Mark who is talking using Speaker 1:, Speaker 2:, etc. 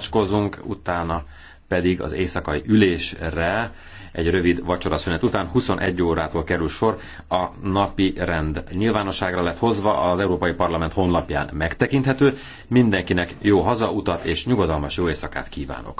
Speaker 1: tanácskozunk, utána pedig az éjszakai ülésre egy rövid vacsoraszünet után 21 órától kerül sor a napi rend nyilvánosságra lett hozva, az Európai Parlament honlapján megtekinthető. Mindenkinek jó hazautat és nyugodalmas
Speaker 2: jó éjszakát kívánok!